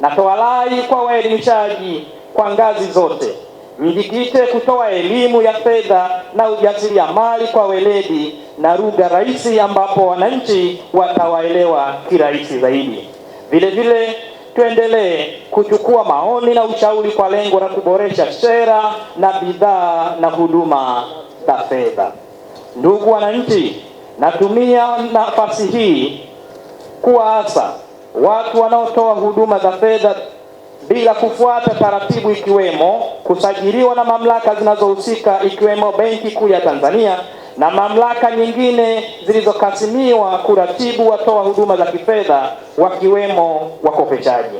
Natoa rai kwa waelimishaji kwa ngazi zote, mjikite kutoa elimu ya fedha na ujasiriamali kwa weledi na lugha rahisi, ambapo wananchi watawaelewa kirahisi zaidi. Vile vile tuendelee kuchukua maoni na ushauri kwa lengo la kuboresha sera na bidhaa na huduma za fedha. Ndugu wananchi, natumia nafasi hii kuwaasa watu wanaotoa huduma za fedha bila kufuata taratibu ikiwemo kusajiliwa na mamlaka zinazohusika ikiwemo Benki Kuu ya Tanzania na mamlaka nyingine zilizokasimiwa kuratibu watoa huduma za kifedha wakiwemo wakopeshaji.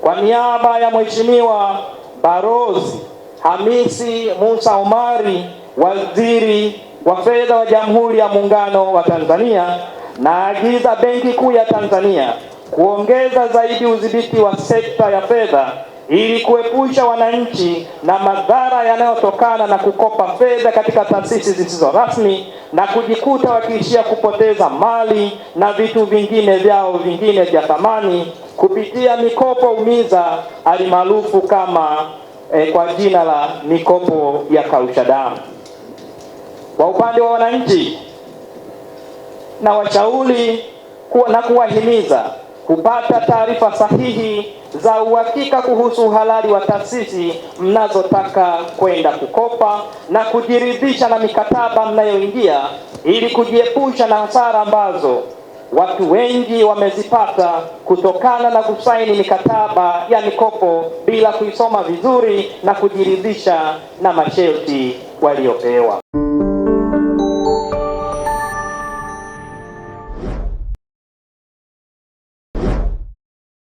Kwa niaba ya Mheshimiwa Barozi Hamisi Musa Omari, Waziri wa Fedha wa Jamhuri ya Muungano wa Tanzania, naagiza Benki Kuu ya Tanzania kuongeza zaidi udhibiti wa sekta ya fedha ili kuepusha wananchi na madhara yanayotokana na kukopa fedha katika taasisi zisizo rasmi na kujikuta wakiishia kupoteza mali na vitu vingine vyao vingine vya thamani kupitia mikopo umiza alimaarufu kama eh, kwa jina la mikopo ya kausha damu. Kwa upande wa wananchi na washauri na kuwahimiza kupata taarifa sahihi za uhakika kuhusu uhalali wa taasisi mnazotaka kwenda kukopa na kujiridhisha na mikataba mnayoingia ili kujiepusha na hasara ambazo watu wengi wamezipata kutokana na kusaini mikataba ya mikopo bila kuisoma vizuri na kujiridhisha na masharti waliopewa.